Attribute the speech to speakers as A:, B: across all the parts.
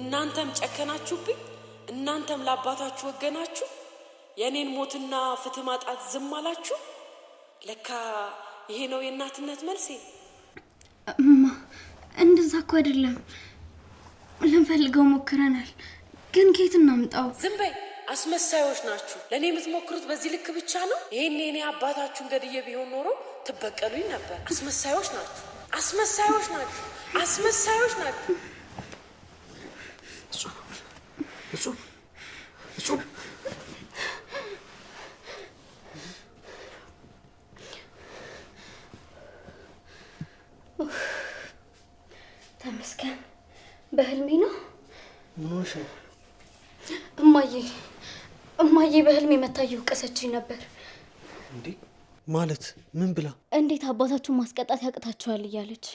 A: እናንተም ጨከናችሁብኝ፣ እናንተም ለአባታችሁ ወገናችሁ፣ የእኔን ሞትና ፍትህ ማጣት ዝም አላችሁ። ለካ ይሄ ነው የእናትነት መልሴ።
B: እማ እንደዛ እኮ አይደለም። ልንፈልገው ሞክረናል፣ ግን ከየት እናምጣው?
A: ዝም በይ፣ አስመሳዮች ናችሁ። ለእኔ የምትሞክሩት በዚህ ልክ ብቻ ነው? ይህን እኔ አባታችሁን ገድዬ ቢሆን ኖሮ ትበቀሉኝ ነበር። አስመሳዮች ናችሁ፣ አስመሳዮች ናችሁ፣ አስመሳዮች ናችሁ።
C: እጹብ እጹብ እጹብ
B: ተመስገን። በህልሜ ነው። ምንሽ እማዬ እማዬ በህልሜ መታ እየወቀሰችኝ ነበር።
C: እንዴ ማለት ምን ብላ?
B: እንዴት አባታችሁን ማስቀጣት ያቅታችኋል እያለች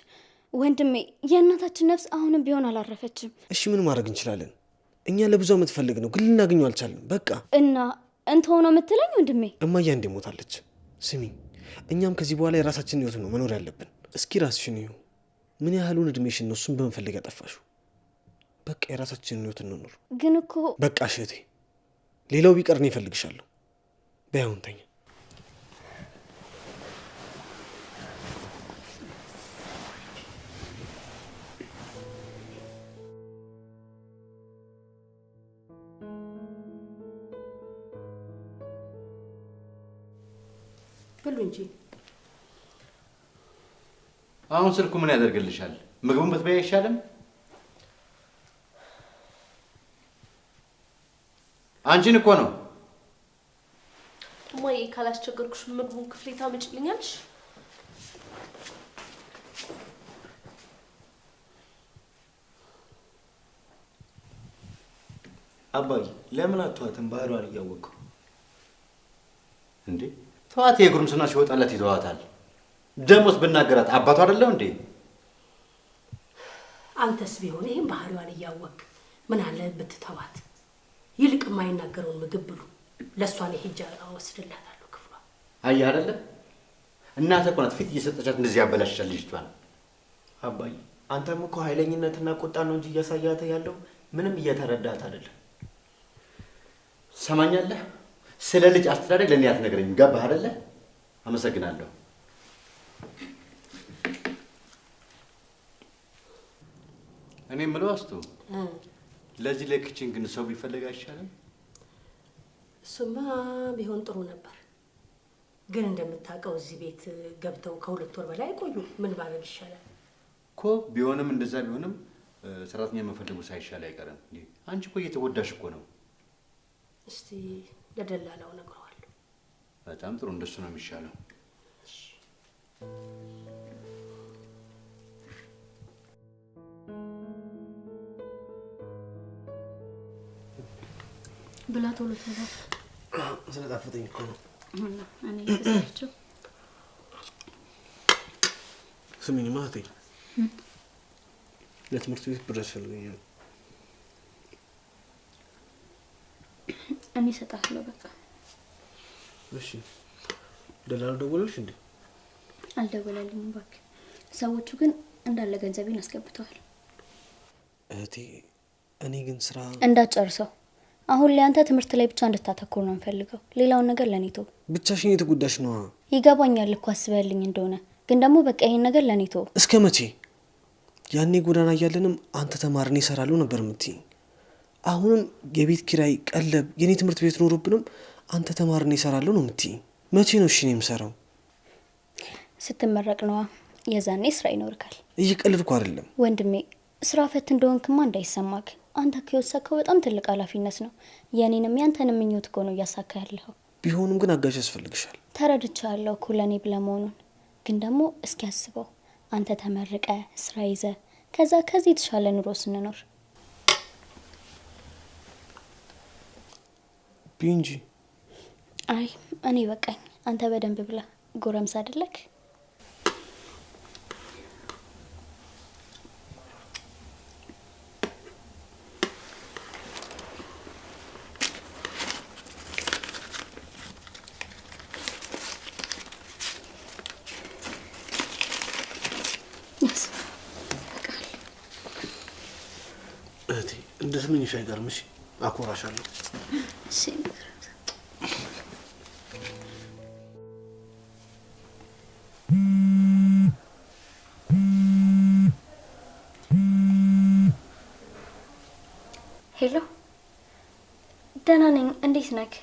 B: ወንድሜ የእናታችን ነፍስ አሁንም ቢሆን አላረፈችም።
C: እሺ ምን ማድረግ እንችላለን? እኛ ለብዙ ዓመት ፈልግ ነው ግን ልናገኘው አልቻለም። በቃ
B: እና እንተሆነ የምትለኝ ወንድሜ?
C: እማያ እንዴ ሞታለች። ስሚ፣ እኛም ከዚህ በኋላ የራሳችን ህይወት ነው መኖር ያለብን። እስኪ ራስሽን ይሁ ምን ያህሉን እድሜሽን ነው እሱን በመፈለግ ያጠፋሹ? በቃ የራሳችንን ህይወት እንኖር። ግን እኮ በቃ እህቴ፣ ሌላው ቢቀር እኔ እፈልግሻለሁ። ብሉ እንጂ። አሁን ስልኩ ምን ያደርግልሻል? ምግቡን ብትበይ አይሻልም? አንቺን እኮ ነው
B: እማዬ። ካላስቸገርኩሽ ምግቡን ክፍሌ ታመጭልኛለሽ?
D: አባይ ለምን አትዋትም? ባህሯን እያወቀው?
C: እንዴ ተዋት የጉርምስና ሲወጣለት ይተዋታል። ደሞስ ብናገራት አባቱ አይደለው እንዴ?
E: አንተስ ቢሆን ይህም ባህሪዋን እያወቅ ምን አለ ብትተዋት። ይልቅ የማይናገረውን ምግብ ብሉ። ለእሷን ሄጃ አወስድላታለሁ ክፍሏ።
C: አየህ አይደለ እናተ ኮናት ፊት እየሰጠቻት እንደዚህ ያበላሻል ልጅቷን።
D: አባዬ አንተም እኮ ኃይለኝነትና ቁጣ ነው እንጂ እያሳያተ ያለው ምንም እየተረዳት አይደለም።
C: ሰማኛለህ ስለ ልጅ አስተዳደግ ለእኔ አትነግረኝም። ገባህ አይደለ? አመሰግናለሁ። እኔ የምለው አስቶ ለዚህ ለክችን ግን ሰው ቢፈልግ አይሻልም?
B: እሱማ ቢሆን ጥሩ ነበር፣ ግን እንደምታውቀው እዚህ ቤት ገብተው ከሁለት ወር በላይ ቆዩ። ምን ባደርግ ይሻላል
C: እኮ። ቢሆንም እንደዛ ቢሆንም ሰራተኛ መፈለጉ ሳይሻል አይቀርም። አንቺ እኮ እየተጎዳሽ እኮ ነው።
B: እስቲ ለደላላው ነግረዋል።
C: በጣም ጥሩ፣ እንደሱ ነው የሚሻለው።
B: ብላ ቶሎ ተባ።
C: ስለጣፈጠኝ እኮ ነው።
B: ስሚኝ ተሰራቸው።
C: ለትምህርት ቤት ብር ያስፈልገኛል
B: እኔ እሰጣለሁ። በቃ
C: እሺ። ደላሉ ደወለልሽ እንዴ?
B: አልደወለልኝም እባክህ። ሰዎቹ ግን እንዳለ ገንዘቤን አስገብተዋል።
C: እህቴ፣ እኔ ግን ስራ
B: እንዳትጨርሰው። አሁን ላይ አንተ ትምህርት ላይ ብቻ እንድታተኩር ነው የምፈልገው ሌላውን ነገር ለእኔ ተው።
C: ብቻሽን የተጎዳሽ ነዋ።
B: ይገባኛል እኮ አስበልኝ እንደሆነ ግን ደግሞ በቃ ይሄን ነገር ለእኔ ተው።
C: እስከ መቼ? ያኔ ጎዳና እያለንም አንተ ተማርን ይሰራሉ ነበር ምትይ አሁንም የቤት ኪራይ ቀለብ የኔ ትምህርት ቤት ኖሮብንም አንተ ተማርን ይሰራለሁ ነው የምትይ? መቼ ነው እሺ የምሰራው?
B: ስትመረቅ ነዋ። የዛኔ ስራ ይኖርካል።
C: እየቀልድኩ አይደለም
B: ወንድሜ። ስራ ፈት እንደሆንክማ እንዳይሰማክ። አንተ ከወሰከው በጣም ትልቅ ኃላፊነት ነው። የኔንም ያንተን ምኞት እኮ እያሳካ ያለኸው።
C: ቢሆንም ግን አጋዥ ያስፈልግሻል።
B: ተረድቻለሁ አለው ለእኔ ብለህ መሆኑን። ግን ደግሞ እስኪ አስበው አንተ ተመርቀ ስራ ይዘ ከዛ ከዚህ የተሻለ ኑሮ ስንኖር ብይ እንጂ። አይ እኔ በቃኝ። አንተ በደንብ ብላ። ጎረምሳ አይደለክ?
C: እህቴ ምን ይሻ አይቀርምሽ አኮራሻለሁ።
B: ሄሎ፣ ደህና ነኝ። እንዴት ነክ?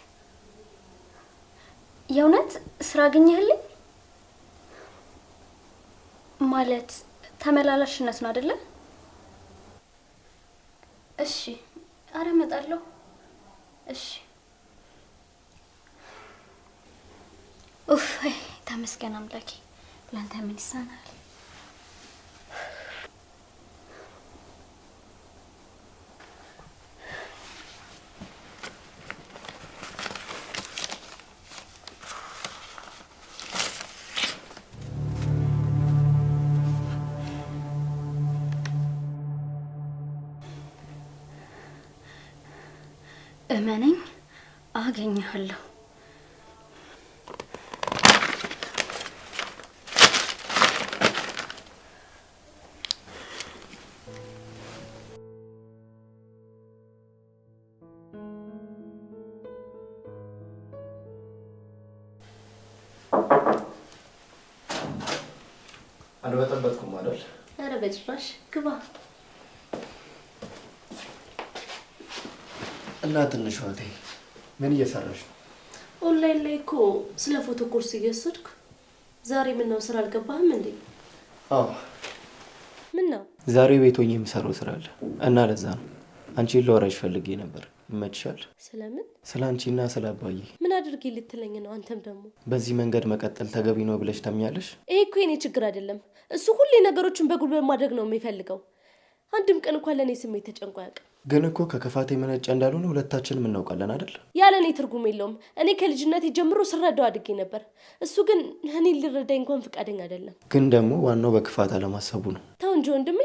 B: የእውነት ስራ አገኘህልኝ? ማለት ተመላላሽነት ነው አይደለም? ኧረ እመጣለሁ። እሺ ኡፍ፣ ተመስገን አምላኬ። ላንተ ምን ይሳናል? አገኘሃለሁ።
C: አልበጠበጥኩም አይደል?
B: ኧረ በጭራሽ ግባ።
C: እና ትንሽ እህቴ ምን እየሰራሽ ነው?
B: ኦንላይን ላይ እኮ ስለ ፎቶ ኮርስ እየወሰድኩ። ዛሬ ምነው ስራ አልገባህም እንዴ? አዎ። ምን ነው
C: ዛሬ ቤት ሆኜ የምሰራው ስራ አለ እና ለዛ ነው አንቺ ለወራሽ ፈልጌ ነበር። ይመችሻል? ስለምን? ስለ አንቺና ስለ አባዬ።
B: ምን አድርጌ ልትለኝ ነው? አንተም ደግሞ
C: በዚህ መንገድ መቀጠል ተገቢ ነው ብለሽ ታምኛለሽ?
B: ይሄ እኮ የኔ ችግር አይደለም። እሱ ሁሌ ነገሮችን በጉልበት ማድረግ ነው የሚፈልገው። አንድም ቀን እንኳን ለእኔ ስሜት ተጨንቆ ያውቅም።
C: ግን እኮ ከክፋት የመነጨ እንዳልሆነ ሁለታችንም እናውቃለን አይደል?
B: ያለ እኔ ትርጉም የለውም። እኔ ከልጅነት ጀምሮ ስረዳው አድጌ ነበር። እሱ ግን እኔ ሊረዳኝ እንኳን ፈቃደኛ አይደለም።
C: ግን ደግሞ ዋናው በክፋት አለማሰቡ ነው።
B: ተው እንጂ ወንድሜ፣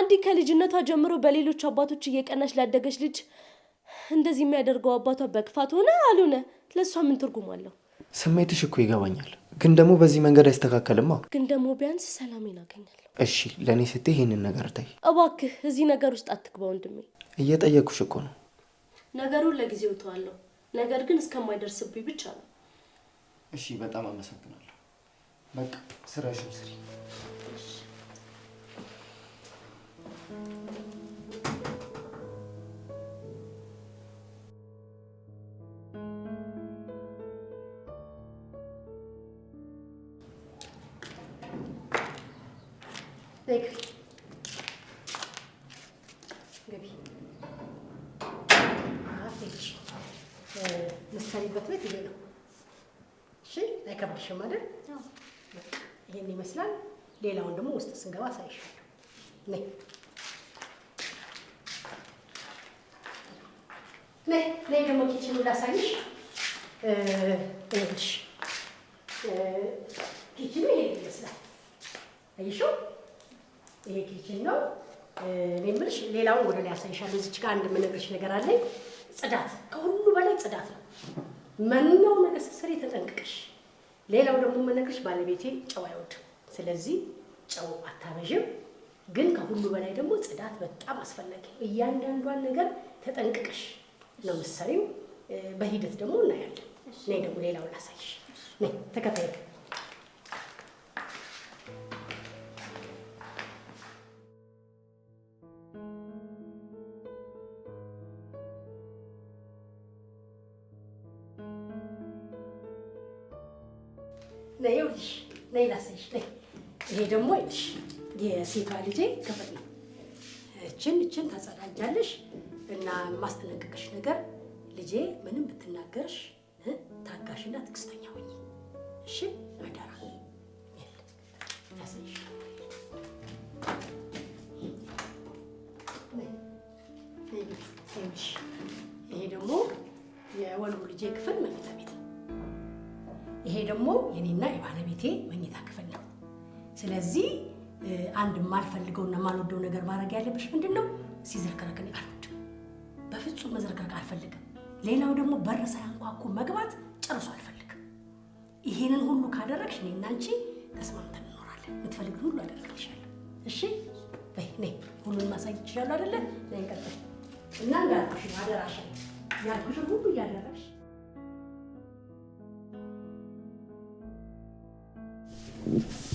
B: አንዲ ከልጅነቷ ጀምሮ በሌሎች አባቶች እየቀናች ላደገች ልጅ እንደዚህ የሚያደርገው አባቷ በክፋት ሆነ አልሆነ ለእሷ ምን ትርጉም አለው?
C: ስሜትሽ እኮ ይገባኛል ግን ደግሞ በዚህ መንገድ አይስተካከልማ።
B: ግን ደግሞ ቢያንስ ሰላሜን አገኛለሁ።
C: እሺ ለእኔ ስትይ ይህንን ነገር ተይ
B: እባክህ። እዚህ ነገር ውስጥ አትግባ ወንድሜ።
C: እየጠየኩሽ እኮ ነው።
B: ነገሩን ለጊዜው ተዋለሁ፣ ነገር ግን እስከማይደርስብኝ ብቻ ነው።
C: እሺ በጣም አመሰግናለሁ። በቃ ስራሽን ስሪ።
E: ነይ ነይ ደግሞ ኪችኑ ላሳይሽ። ይኸውልሽ ኪችኑ ይሄ ይመስላል። አይሽው ይሄ ኪችን ነው። እኔ የምልሽ ሌላውን ወደ ላይ አሳይሻለሁ። እዚች ጋር አንድ የምነግርሽ ነገር አለኝ። ጽዳት፣ ከሁሉ በላይ ጽዳት ነው። መናው ነገር ስትሰሪ ተጠንቅቀሽ። ሌላው ደግሞ የምነግርሽ ባለቤቴ ጨው አይወድም። ስለዚህ ጨው አታበዥም። ግን ከሁሉ በላይ ደግሞ ጽዳት በጣም አስፈላጊ ነው። እያንዳንዷን ነገር ተጠንቅቀሽ ነው መሰሪው። በሂደት ደግሞ እናያለን። እኔ ደግሞ ሌላው ላሳይሽ። ተከታይ ይኸውልሽ፣ ነይ ላሳይሽ። ነይ ይሄ ደግሞ ይኸውልሽ የሴቷ ልጄ ክፍል ነው። እችን እችን ታጸዳጃለሽ እና የማስጠነቀቅሽ ነገር ልጄ ምንም ብትናገርሽ ታጋሽና ትዕግስተኛ ሆኚ እሺ። አደራ ይሄ ደግሞ የወንዱ ልጄ ክፍል መኝታ ቤት ነው። ይሄ ደግሞ የኔና የባለቤቴ መኝታ ክፍል ነው። ስለዚህ አንድ የማልፈልገውና የማልወደው ነገር ማድረግ ያለብሽ ምንድን ነው? ሲዝረከረክ አልወድም በፍጹም መዘርጋጋ አልፈልግም። ሌላው ደግሞ በር ሳያንኳኩ መግባት ጨርሶ አልፈልግም። ይሄንን ሁሉ ካደረግሽ እኔ እና አንቺ ተስማምተን እንኖራለን። የምትፈልጊውን ሁሉ አደረግልሻለሁ። እሺ በይ ሁሉን ማሳየት ይችላሉ አይደለ? ቀጥል እና እንዳልኩሽ አደራሽን ያልኩሽን ሁሉ እያደረግሽ Thank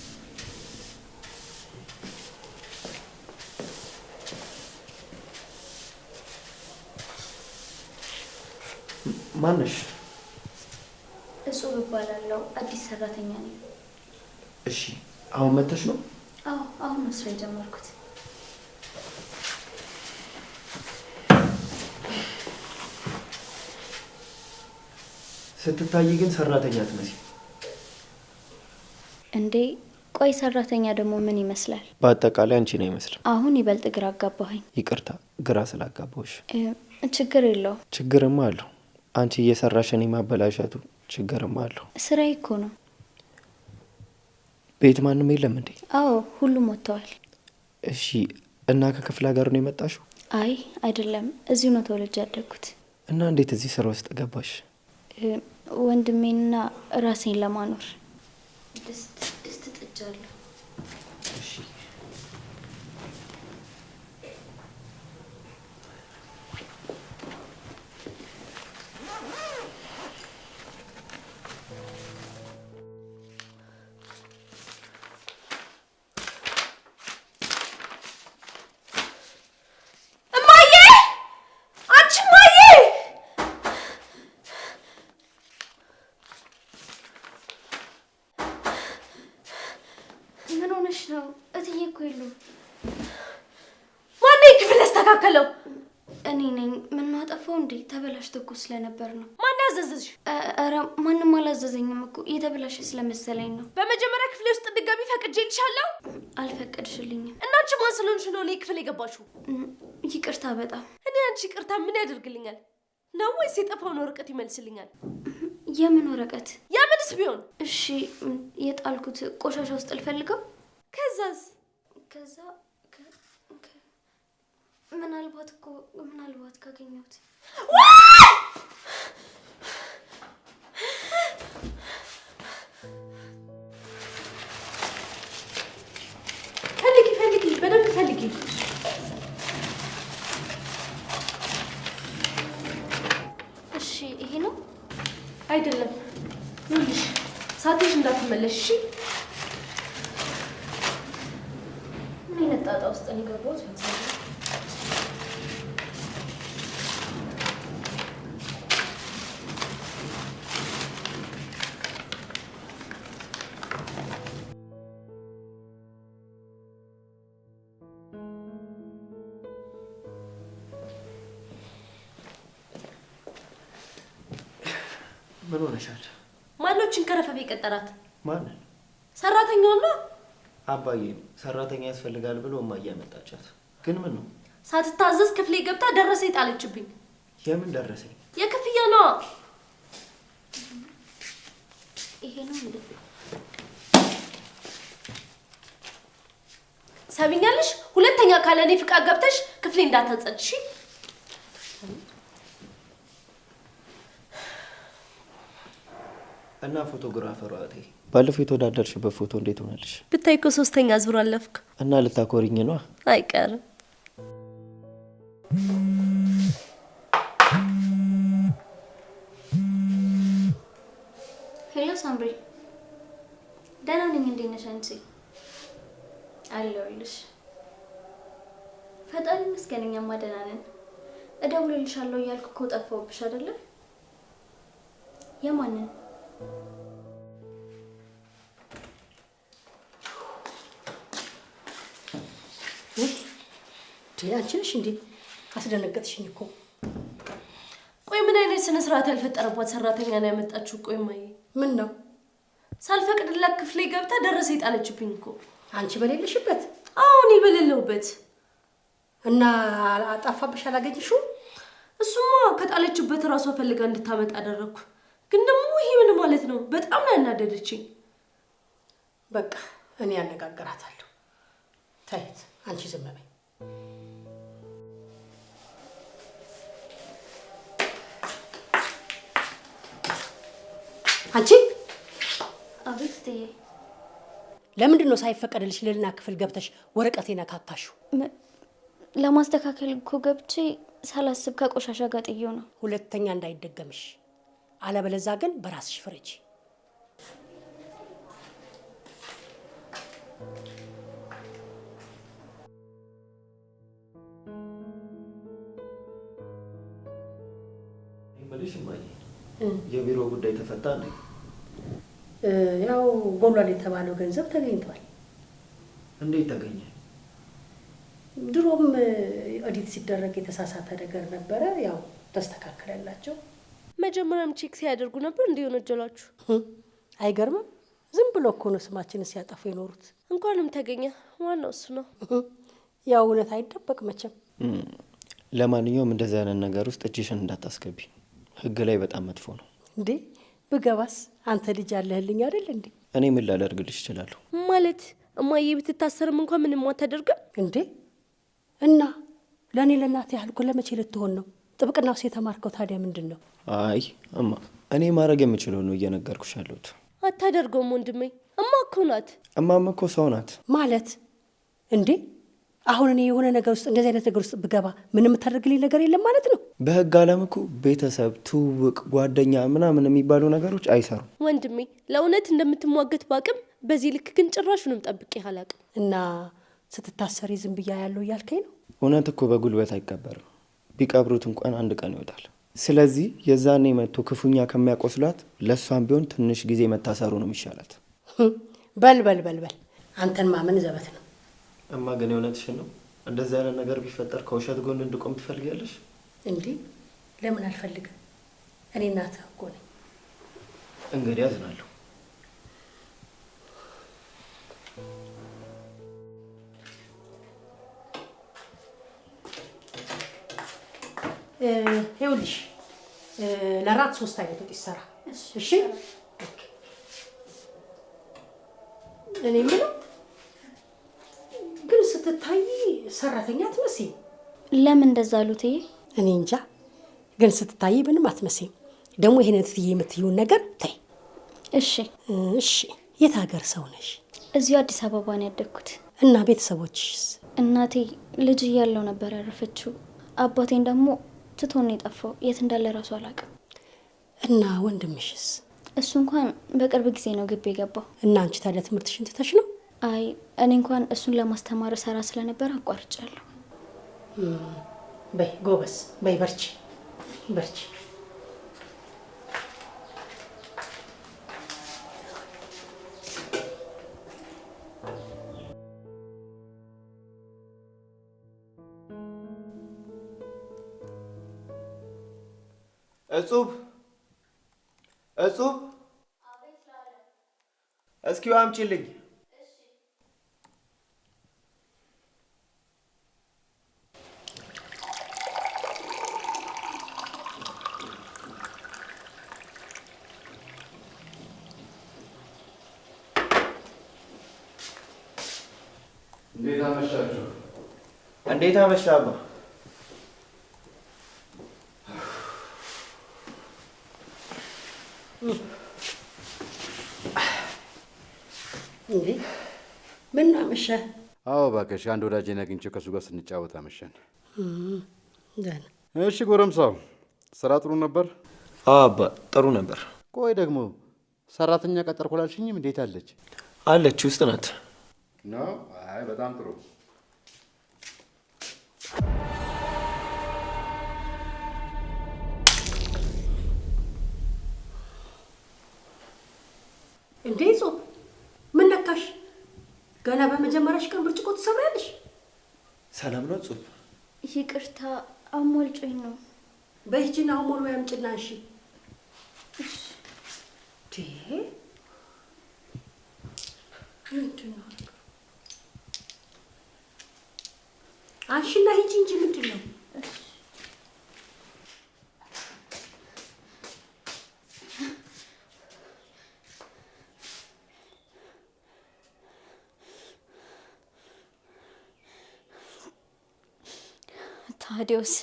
C: ማነሽ?
B: እጹብ እባላለሁ። አዲስ ሰራተኛ ነኝ።
C: እሺ፣ አሁን መተሽ ነው?
B: አዎ፣ አሁን ነው ስራ የጀመርኩት።
C: ስትታይ ግን ሰራተኛ አትመስይም።
B: እንዴ ቆይ ሰራተኛ ደግሞ ምን ይመስላል?
C: በአጠቃላይ አንቺ ነው ይመስል።
B: አሁን ይበልጥ ግራ አጋባኸኝ።
C: ይቅርታ ግራ ስላጋባሁሽ። ችግር የለው። ችግርማ አለው። አንቺ እየሰራሽ እኔ ማበላሸቱ ችግርም አለው።
B: ስራ እኮ ነው።
C: ቤት ማንም የለም እንዴ?
B: አዎ፣ ሁሉም ወጥተዋል።
C: እሺ፣ እና ከክፍለ ሀገር ነው የመጣሽው?
B: አይ አይደለም፣ እዚሁ ነው ተወልጄ ያደግኩት።
C: እና እንዴት እዚህ ስራ ውስጥ ገባሽ?
B: ወንድሜንና ራሴን ለማኖር ድስት ጥጃለሁ። ሄሎ፣ እኔ ነኝ። ምን ማጠፋው እንዴ? ተበላሽቶ እኮ ስለነበር ነው። ማን ያዘዘሽ? ኧረ ማንም አላዘዘኝም እኮ የተበላሸ ስለመሰለኝ ነው። በመጀመሪያ ክፍሌ ውስጥ ድጋሚ ፈቅጄልሻለሁ። አልፈቀድሽልኝም። እና አንቺ ማን ስለሆንሽ ነው እኔ ክፍል የገባሽው? ይቅርታ በጣም እኔ አንቺ ይቅርታ ምን ያደርግልኛል? ነው ወይስ የጠፋውን ወረቀት ይመልስልኛል? የምን ወረቀት? የምንስ ቢሆን እሺ፣ የጣልኩት ቆሻሻ ውስጥ ልፈልገው። ከዛስ? ከዛ ምናልባት እኮ ምናልባት ካገኘሁት ፈልጊ ፈልጊ በደንብ ፈልጊ። እሺ ይሄ ነው አይደለም። ይኸውልሽ ሳትሽ እንዳትመለሽ እሺ። ምን ጣጣ ውስጥ ነው የገባሁት? ማንን? ሰራተኛው ነው።
C: አባዬ ሰራተኛ ያስፈልጋል ብሎ እማዬ ያመጣቻት። ግን ምን ነው
B: ሳትታዘዝ ክፍሌ ገብታ ደረሰኝ ጣለችብኝ።
C: የምን ደረሰኝ?
B: የክፍያ ነው። ይሄ ነው እንዴ? ሁለተኛ ካለ እኔ ፍቃድ ገብተሽ ክፍሌ እንዳታጸድሽ።
C: እና ፎቶግራፈሯ እቴ ባለፈው የተወዳደርሽበት ፎቶ እንዴት ሆነልሽ?
B: ብታይ እኮ ሶስተኛ ዙር አለፍክ
C: እና ልታኮርኝ ነ
B: አይቀርም። ሄሎ ሳምሪ፣ ደህና ነኝ። እንዴት ነሽ አንቺ? አለሁልሽ። ፈጣሪ ይመስገን፣ እኛማ ደህና ነን። እደውልልሻለሁ እያልኩ እኮ ጠፋሁብሽ አይደለም? የማንን
E: አንቺ ነሽ እንዴ? አስደነገጥሽኝ እኮ።
B: ቆይ ምን አይነት ስነ ስርዓት ያልፈጠረባት ሰራተኛ ነው ያመጣችው? ቆይ ማየ፣ ምን ነው ሳልፈቅድላት ክፍሌ ገብታ ደረሰ የጣለችብኝ እኮ።
E: አንቺ በሌለሽበት?
B: አዎ እኔ በሌለሁበት።
E: እና አጣፋብሽ? አላገኝሽው?
B: እሱማ ከጣለችበት እራሷ ፈልጋ እንድታመጣ አደረግኩ። ግን ደግሞ ይሄ ምን ማለት ነው? በጣም ነው ያናደደችኝ።
E: በቃ እኔ ያነጋግራታለሁ። ታየት አንቺ ዝም በይ። አንቺ አቤት እትዬ፣ ለምንድን ነው ሳይፈቀድልሽ ክፍል ገብተሽ ወረቀቴን ነካካሽው?
B: ለማስተካከል እኮ ገብቼ ሳላስብ ከቆሻሻ ጋር ጥዬው ነው።
E: ሁለተኛ እንዳይደገምሽ፣ አለበለዛ ግን በራስሽ ፍረጂ።
C: የቢሮ ጉዳይ ተፈታ።
E: ያው ጎሏል የተባለው ገንዘብ ተገኝቷል። እንዴት ተገኘ? ድሮም ኦዲት ሲደረግ የተሳሳተ ነገር ነበረ። ያው ተስተካከለላቸው።
B: መጀመሪያም ቼክ ሲያደርጉ ነበር እንዲህ ወነጀሏችሁ።
E: አይገርምም? ዝም ብሎ እኮ ነው ስማችንን ሲያጠፉ የኖሩት።
B: እንኳንም ተገኘ፣ ዋናው እሱ ነው።
E: ያው እውነት አይደበቅ መቼም።
C: ለማንኛውም እንደዚህ አይነት ነገር ውስጥ እጅሽን እንዳታስገቢ፣ ህግ ላይ በጣም መጥፎ ነው
E: እንዴ ብገባስ አንተ ልጅ አለህልኝ አይደል እንዴ?
C: እኔ ምን ላደርግልሽ እችላለሁ?
B: ማለት እማዬ ብትታሰርም እንኳን ምንም አታደርግም
E: እንዴ? እና ለእኔ ለእናት ያህልኩ ለመቼ ልትሆን ነው? ጥብቅና ውስጥ የተማርከው ታዲያ ምንድን ነው?
C: አይ እማ፣ እኔ ማድረግ የምችለው ነው እየነገርኩሽ ያለሁት።
B: አታደርገውም ወንድሜ። እማ እኮ ናት።
C: እማም እኮ ሰው ናት
E: ማለት እንዴ አሁን እኔ የሆነ ነገር ውስጥ እንደዚህ አይነት ነገር ውስጥ ብገባ ምንም የምታደርግልኝ ነገር የለም ማለት ነው።
C: በህግ ዓለም እኮ ቤተሰብ፣ ትውውቅ፣ ጓደኛ ምናምን የሚባሉ ነገሮች አይሰሩም።
B: ወንድሜ ለእውነት እንደምትሟገት በአቅም በዚህ ልክ ግን ጭራሹንም ጠብቄ አላቅም
E: እና ስትታሰሪ ዝም ብያ ያለው እያልከኝ ነው።
C: እውነት እኮ በጉልበት አይቀበርም። ቢቀብሩት እንኳን አንድ ቀን ይወጣል። ስለዚህ የዛኔ መጥቶ ክፉኛ ከሚያቆስሏት ለእሷም ቢሆን ትንሽ ጊዜ መታሰሩ ነው የሚሻላት።
E: በል በል በል በል አንተን ማመን ዘበት ነው።
C: እማ ግን የእውነትሽን ነው? እንደዚህ አይነት ነገር ቢፈጠር ከውሸት ጎን እንድቆም ትፈልጊያለሽ?
E: እንዴ ለምን አልፈልግም? እኔ እናትህ እኮ ነኝ።
C: እንግዲህ አዝናለሁ።
E: ይኸውልሽ ለራት ሶስት አይነት ወጥ ይሰራ። እሺ እኔ የምለው ግን ስትታይ ሰራተኛ አትመስይም።
B: ለምን እንደዛ አሉት?
E: እኔ እንጃ። ግን ስትታይ ምንም አትመስይም። ደግሞ ይሄን እትዬ የምትይውን ነገር ተይ። እሺ እሺ። የት ሀገር ሰው ነሽ?
B: እዚሁ አዲስ አበባ ነው ያደግኩት።
E: እና ቤተሰቦችስ?
B: እናቴ ልጅ እያለው ነበር ያረፈችው። አባቴን ደግሞ ትቶን የጠፋው የት እንዳለ ራሱ አላውቅም።
E: እና ወንድምሽስ?
B: እሱ እንኳን በቅርብ ጊዜ ነው ግቢ የገባው።
E: እና አንቺ ታዲያ ትምህርትሽን ትተሽ ነው?
B: አይ እኔ እንኳን እሱን ለማስተማር ሰራ ስለነበር አቋርጫለሁ።
E: በይ ጎበስ፣ በይ በርቺ፣ በርቺ።
C: እጹብ እጹብ፣ እስኪ አምጪልኝ እንዴት አመሸ አባ?
E: እንዴ ምን ነው አመሸ?
C: አዎ እባክሽ፣ አንድ ወዳጄን አግኝቼው ከእሱ ጋር ስንጫወት አመሸን። ደህና። እሺ ጎረምሳው፣ ስራ ጥሩ ነበር? አዎ አባ፣ ጥሩ ነበር።
D: ቆይ ደግሞ ሰራተኛ ቀጠርኩ ላልሽኝም እንዴት አለች?
C: አለች፣ ውስጥ ናት። ነው? አይ በጣም ጥሩ
E: እንዴ ጾም ምን ነካሽ? ገና በመጀመሪያሽ ቀን ብርጭቆ ትሰብሪያለሽ።
C: ሰላም ነው ጾም?
B: ይቅርታ አሞል ጮኝ ነው።
E: በሂጂና አሞል ወይ አምጪና። እሺ አንሺና ሂጂ እንጂ ምንድን ነው
B: ዘብዴዎስ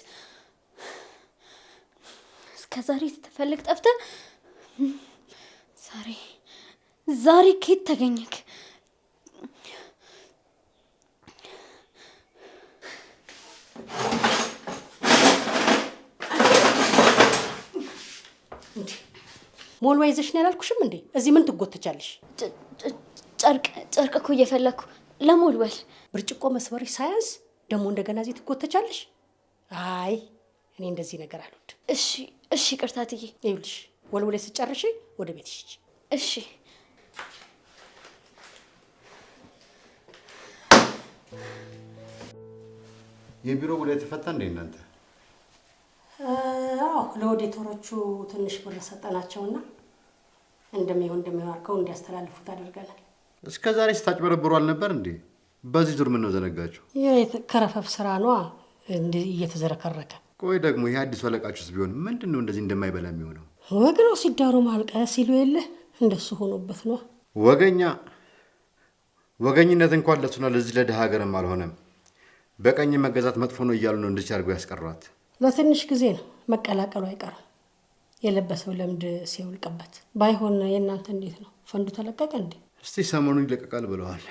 B: እስከ ዛሬ ስትፈልግ ጠፍተህ ዛሬ ዛሬ ከየት ተገኘክ?
E: ሞልዋ ይዘሽ ነው ያላልኩሽም እንዴ? እዚህ ምን ትጎተቻለሽ?
B: ጨርቅ ጨርቅ እኮ እየፈለግኩ ለሞልወል
E: ብርጭቆ መስበርሽ ሳያንስ ደግሞ እንደገና እዚህ ትጎተቻለሽ። አይ እኔ እንደዚህ ነገር አልወድም።
B: እሺ እሺ፣ ቅርታ ትዬ።
E: ይኸውልሽ ወልወሌ ስጨርሽ ወደ ቤትሽ ሂጂ።
B: እሺ
C: የቢሮ ጉዳይ ተፈታ እንዴ እናንተ?
E: አዎ ለኦዲተሮቹ ትንሽ ብር ሰጠናቸውና እንደሚሆን እንደሚዋርከው እንዲያስተላልፉት አድርገናል።
C: እስከ ዛሬ ስታጭበረብሩ አልነበር እንዴ? በዚህ ዙር ምን ነው ዘነጋቸው?
E: የከረፈፍ ስራ ነዋ። እየተዘረከረከ
C: ቆይ ደግሞ ይህ አዲሱ አለቃችሁስ ቢሆን ምንድን ነው እንደዚህ እንደማይበላ የሚሆነው?
E: ወግነው ሲዳሩ ማልቀ ሲሉ የለ እንደሱ ሆኖበት ነው።
C: ወገኛ ወገኝነት እንኳን ለሱና ለዚህ ለድሃ ሀገርም አልሆነም። በቀኝ መገዛት መጥፎ ነው እያሉ ነው እንድች አድርገው ያስቀሯት።
E: ለትንሽ ጊዜ ነው መቀላቀሉ አይቀርም። የለበሰው ለምድ ሲውልቅበት። ባይሆን የእናንተ እንዴት ነው ፈንዱ ተለቀቀ እንዴ?
C: እስቲ ሰሞኑ ይለቀቃል ብለዋል።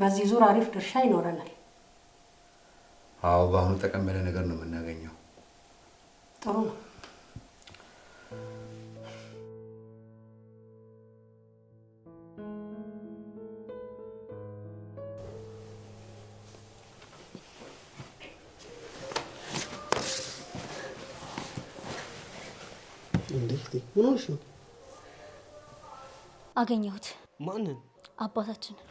E: በዚህ ዙር አሪፍ ድርሻ ይኖረናል።
C: አዎ በአሁኑ ጠቀም ያለ ነገር ነው የምናገኘው።
E: ጥሩ ነው?
B: አገኘሁት። ማንን? አባታችንን